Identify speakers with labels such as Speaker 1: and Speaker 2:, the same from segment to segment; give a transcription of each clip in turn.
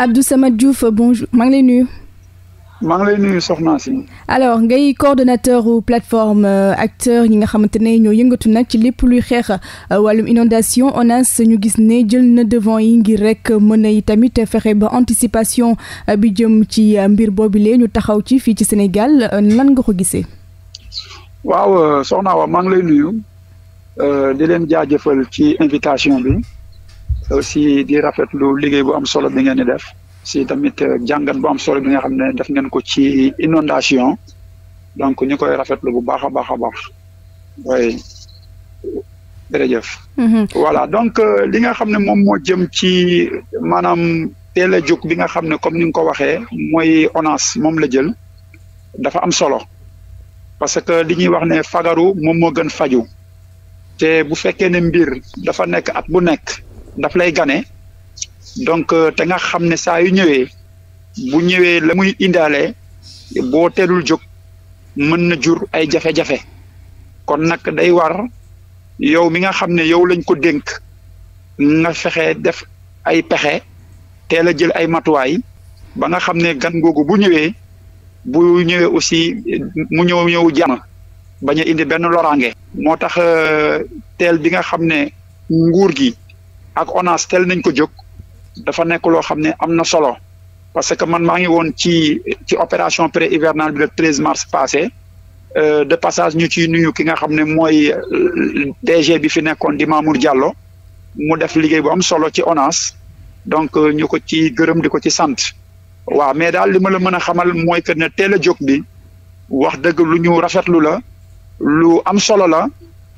Speaker 1: Abdou Samad Diouf bonjour maa lay nuyu.
Speaker 2: maa soxna si.
Speaker 1: alors ngay coordonnateur ou plateforme euh, acteur yi nga xamante ne ñoo yëngatu nag ci lépp luy xeex euh, wàllum inondation ONAS ñu gis ne jël na devant yi ngir rek mën a tamit fexe ba anticipation euh, bi jëm ci mbir boobile ñu taxaw ci fii ci Sénégal lan nga ko gisee.
Speaker 2: waaw soxna wa maa ngi lay nuyu di leen jaajëfal ci invitation bi. aussi di rafetlu liggéey bu am solo bi ngeen di def si tamit euh, jàngat bu am solo bi nga xam ne def ngeen ko ci inondation donc ñu koy rafetlu bu baax a baax a baax oui jërëjëf. Mm-hmm. voilà donc euh, li nga xam ne moom moo jëm ci maanaam teel a jóg bi nga xam ne comme ni nga ko waxee mooy ONAS moom la jël dafa am solo parce que li ñuy wax ne fagaru moom moo gën faju te bu fekkee ne mbir dafa nekk at bu nekk. daf lay gane donc euh, te nga xam ne saa yu ñëwee bu ñëwee la muy indaale boo teelul jóg mën na jur ay jafe-jafe kon nag day war yow mi nga xam ne yow lañ ko dénk nga fexe def ay pexe teel a jël ay matuwaay ba nga xam ne gan googu bu ñëwee bu ñëwee aussi mu ñëw ñëw jàmm baña indi benn loraange moo tax euh, teel bi nga xam ne nguur gi ak ONAS teel nañ ko jóg dafa nekk loo xam ne am na solo parce que man maa ngi woon ci ci opération pré hivernal bi le treize mars passé euh, de passage ñu ciy nuyu ki nga xam ne mooy euh, DG bi fi nekkoon di Mamour Diallo mu def liggéey bu am solo ci ONAS donc euh, ñu ko ci gërëm di ko ci sant waaw mais daal li ma la mën a xamal mooy que ne teel a jóg bi wax dëgg lu ñu rafetlu la lu am solo la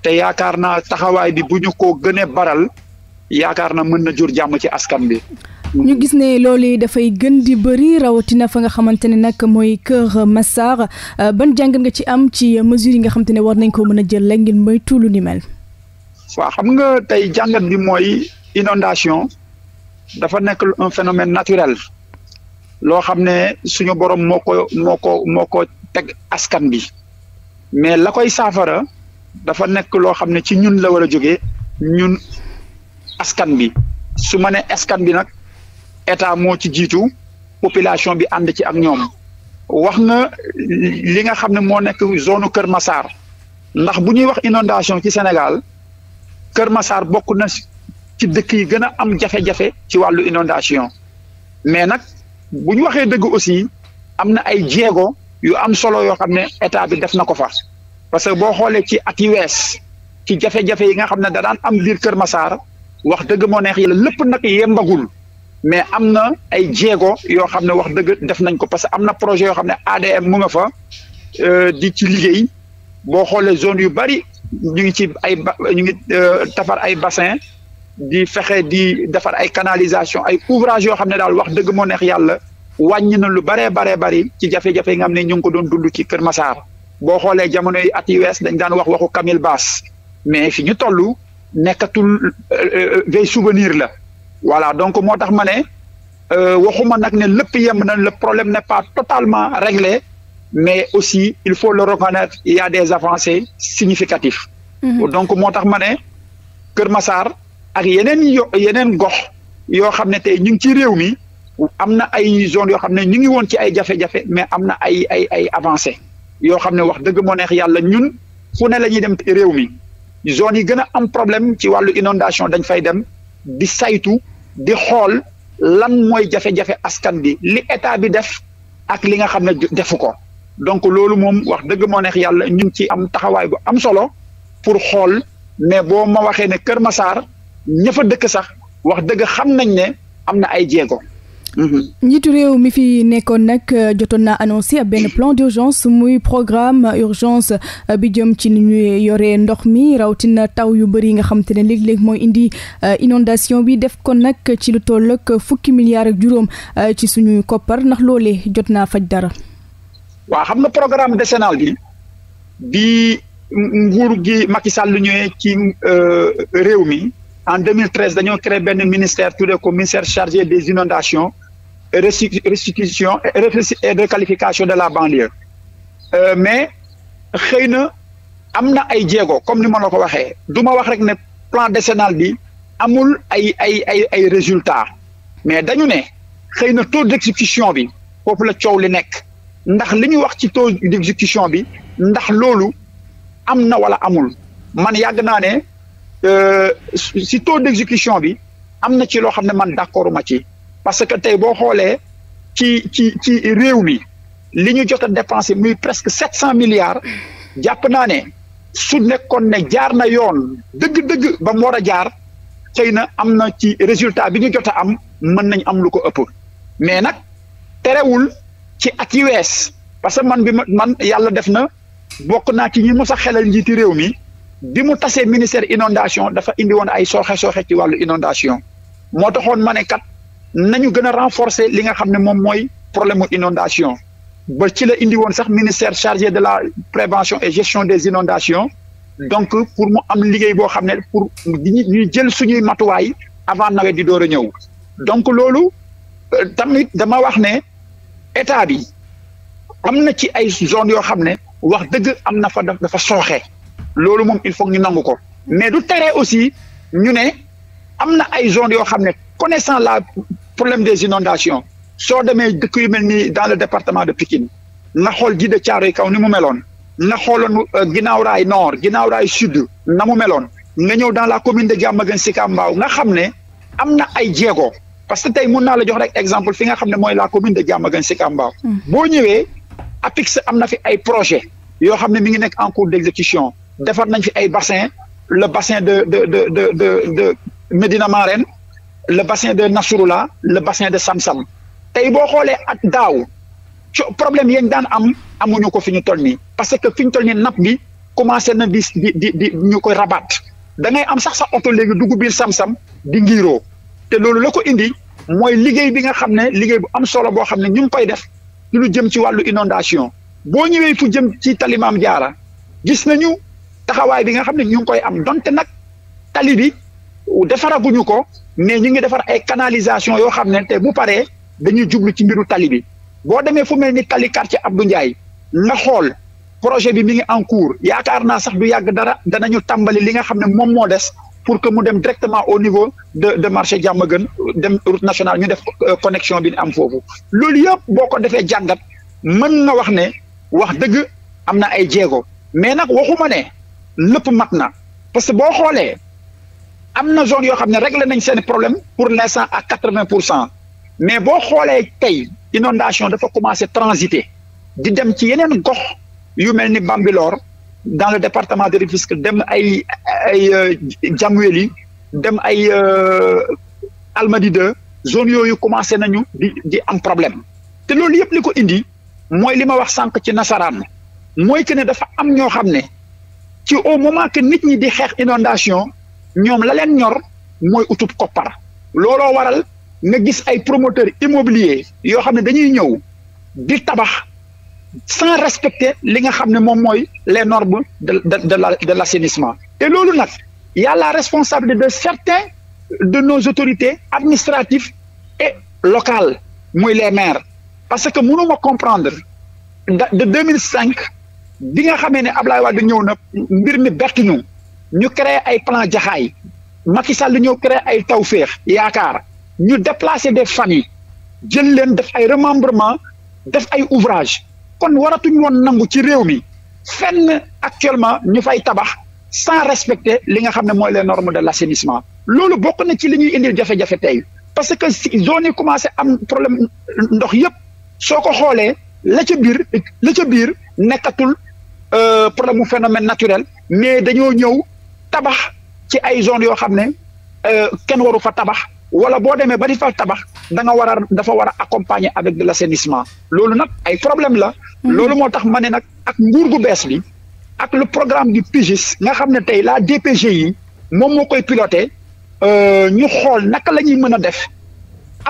Speaker 2: te yaakaar naa taxawaay bi bu ñu ko gënee baral yaakaar na mën na jur jàmm ci askan bi.
Speaker 1: ñu gis ne loolu dafay gën di bëri rawatina fa nga xamante ne nag mooy Kër Massar euh, ban jàngat nga ci am ci mesures yi nga xamante ne war nañ koo mën a jël la ngir moytu lu ni mel.
Speaker 2: waaw xam nga tey jàngat bi mooy inondation dafa nekk un phénomène naturel loo xam ne suñu borom moo ko moo ko moo ko teg askan bi mais la koy saafara dafa nekk loo xam ne ci ñun la war a jógee ñun askan bi su ma nee askan bi nag état moo ci jiitu population bi ànd ci ak ñoom wax nga li nga xam ne moo nekk zone Kër Massar ndax bu ñuy wax inondation ci Sénégal Kër masaar bokk na ci dëkk yi gën a am jafe-jafe ci wàllu inondation mais nag bu ñu waxee dëgg aussi am na ay jéego yu am solo yoo xam ne état bi def na ko fa parce que boo xoolee ci at yi wees ci jafe-jafe yi nga xam ne da daan am biir Kër Massar wax dëgg moo neex yàlla lépp nag yembagul mais am na ay jéego yoo xam ne wax dëgg def nañ ko parce que am na projet yoo xam ne ADM mu nga fa euh, di ci liggéey boo xoolee zone yu bari ñu ngi ci ay ñu ngi tafar euh, ay bassin di fexe di defar ay canalisation ay ouvrage yoo xam ne daal wax dëgg moo neex yàlla wàññi na lu baree baree bari ci jafe-jafe yi nga xam ne ñu ngi ko doon dund ci Kër Massar bo xoolee jamono yi at yi wees dañ daan wax waxu Camille Bass mais fi ñu toll nekkatul euh, euh, vieille souvenir la voilà donc moo tax ma ne euh, waxuma nag ne lépp yemb na le problème n'est pas totalement réglé mais aussi il faut le reconnaître il y a des avancées significatives mmh. donc moo tax ma ne Kër Massar ak yeneen yo yeneen gox yoo xam ne tey ñu ngi ci réew mi am na ay zone yoo xam ne ñu ngi woon ci ay jafe-jafe mais am na ay ay ay avancées yoo xam ne wax dëgg moo neex yàlla ñun fu ne la ñuy dem réew mi zone yi gën a am problème ci wàllu inondation dañ fay dem di saytu di xool lan mooy jafe-jafe askan bi li état bi def ak li nga xam ne defu ko donc loolu moom wax dëgg moo neex yàlla ñu ngi ci am taxawaay bu am solo pour xool mais boo ma waxee ne Kër Massar ña fa dëkk sax wax dëgg xam nañ ne am na ay jéego. Mm-hmm.
Speaker 1: njiitu réew mi fi nekkoon nag euh, jotoon naa annoncé ab benn plan d'urgence muy programme urgence euh, bi jëm ci ni ñuy yoree ndox mi rawatina taw yu bëri yi nga xam te ne léeg-léeg mooy indi euh, inondation bi def ko nag ci lu toll ak fukki milliards juróom ci suñu koppar ndax loolee jot naa faj dara.
Speaker 2: waa xam nga programme décennal bi bi nguur gi Macky Sall lu ñëwee ci réew mi en 2013 dañoo créé benn ministère tuddee ko ministère chargé des inondations restitution de requalification de la banlieue euh, mais xëy na am na ay jéego comme ni ma la ko waxee du ma wax rek ne plan décennal bi amul ay ay ay ay résultats mais dañu ne xëy na taux d'exécution bi foofu la coow li nekk ndax li ñu wax ci taux d'exécution bi ndax loolu am na wala amul man yàgg naa ne euh, si taux d'exécution bi am na ci loo xam ne man d'accorduma ci parce que tey boo xoolee ci ci ci réew mi li ñu jot a dépensé muy presque sept cent milliards jàpp naa ne su nekkoon ne jaar na yoon dëgg-dëgg ba mu war a jaar xëy na am na ci résultat bi ñu jot a am mën nañ am lu ko ëpp mais nag terewul ci at yi wees parce que man bi ma man yàlla def na bokk naa ci ñi mos a xelal njiiti réew mi bi mu tasee ministère inondation dafa indi woon ay sooxe sooxe ci wàllu inondation moo taxoon ma nañu gën a renforcer li nga xam ne moom mooy problème inondation ba ci la indi woon sax ministère chargé de la prévention et gestion des inondations donc pour mu am liggéey boo xam ne pour ñu jël suñuy matuwaay avant nawet di door a ñëw donc loolu euh, tamit dama wax ne état bi am na ci ay zone yoo xam ne wax dëgg am na fa dafa soxe loolu moom il faut ñu nangu ko mais du tere aussi ñu ne am na ay zone yoo xam ne connaissant la problème des inondations soo demee dëkk yu mel ni dans le département de Pikine na xool ji de Thiaroye kaw ni mu meloon na xooloon euh, ginnaaw raay nord ginnaaw raay sud na mu meloon nga ñëw dans la commune de Diamaguène Sicap Mbao nga xam ne ay jéego parce que tey mun naa la jox rek exemple fi nga xam ne mooy la commune de Diamaguène Sicap Mbao hmm. boo ñëwee APIX am na fi ay projet yoo xam ne mi ngi nekk en cours d'exécution defar nañ fi ay bassin la bassin de de de de de de Médina Marène le bassin de Nasrullah le bassin de Samsam tey boo xoolee ak daaw problème yi daan am amuñu ko fi ñu toll nii parce que fi ñu toll nii napp bi commencé na di di di di ñu koy rabaat da ngay am sax sa oto léegi dugg biir Samsam di ngiiroo te loolu la ko indi mooy liggéey bi nga xam ne liggéey bu am solo boo xam ne ñu ngi koy def ci lu jëm ci wàllu inondation boo ñëwee fu jëm ci talimaam jaara gis nañu taxawaay bi nga xam ne ñu ngi koy am donte nag tali bi defaraguñu ko. mais ñu ngi defar ay canalisation yoo xam ne te bu paree dañuy jublu ci mbiru tali bi boo demee fu mel ni tali ab Abdou Ndiaye nga xool projet bi mi ngi en cours yaakaar naa sax du yàgg dara danañu tàmbali li nga xam ne moom moo des pour que mu dem directement au niveau de de marché Diamaguène dem route nationale ñu def euh, connexion bi ñu am foofu loolu yëpp boo ko defee jàngat mën na wax ne wax dëgg am na ay jéego mais nag waxuma ne lëpp mat na parce que boo xoolee am na zone yoo xam ne réglé nañ seeni problème pour l'instant à quatre-vingt pour cent mais boo xoolee tey inondation dafa commencé transiter di dem ci yeneen gox yu mel ni Bambilor dans le département de Rufisque dem ay ay Jamweli euh, dem ay euh, Almadies 2 zone yooyu commencé nañu di am problème te loolu yëpp li ko indi mooy li ma wax sànq ci nasaraan mooy que ne dafa am ñoo xam ne ci au moment que nit ñi di xeex inondation ñoom la leen ñor mooy utub koppar looloo waral nga gis ay promoteur immobilier yoo xam ne dañuy ñëw di tabax sans respecter li nga xam ne moom mooy les normes de de de la de l'assainissement te loolu nag y a la responsabilité de certains de nos autorités administratives et locales mooy les maires parce que mënuma comprendre de 2005 bi nga xamee ne Ablaye Wade ñëw na mbir mi berti ñu ñu créer ay plan jaxaay Macky Sall ñëw créé ay tawféex yaakaar ñu déplacé des familles jël leen def ay remembrement def ay ouvrage kon waratuñ woon nangu ci réew mi fenn actuellement ñu fay tabax sans respecter li nga xam ne mooy les normes de l'assainissement loolu bokk na ci li ñuy indi jafe-jafe tey parce que zone yi commencé am problème ndox yëpp soo ko xoolee la ca biir la ca biir nekkatul euh, problème mu phénomène naturel mais dañoo ñëw tabax ci ay zone yoo xam ne euh, kenn waru fa tabax wala boo demee ba di fa tabax da nga war a dafa war a accompagner avec de l' assainissement loolu nag ay problème la mhm. loolu moo tax ma ne nag ak nguur gu bees bi ak le programme du PIGIS nga xam ne tey la DPG yi moom moo koy piloté euh, ñu xool naka la ñuy mën a def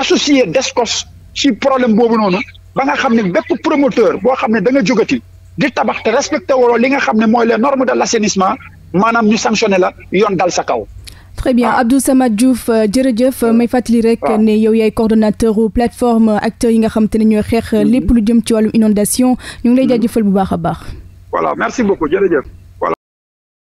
Speaker 2: associé DESCOS ci problème boobu noonu ba nga xam ne bépp promoteur boo xam ne danga jogati di tabax te respecté woo li nga xam ne mooy les normes de l' assainissement maanaam ñu sanctionné la yoon dal sa kaw.
Speaker 1: très bien ah. Abdou Samad Diouf euh, jërëjëf euh, may fàttali rek ne yow yaay coordonnateur plateforme acteurs yi nga xam te ne ñoo xeex mm-hmm. lépp lu jëm ci wàllum inondation ñu ngi lay mm-hmm. jaajëfal bu baax a baax.
Speaker 2: voilà merci beaucoup jërëjëf.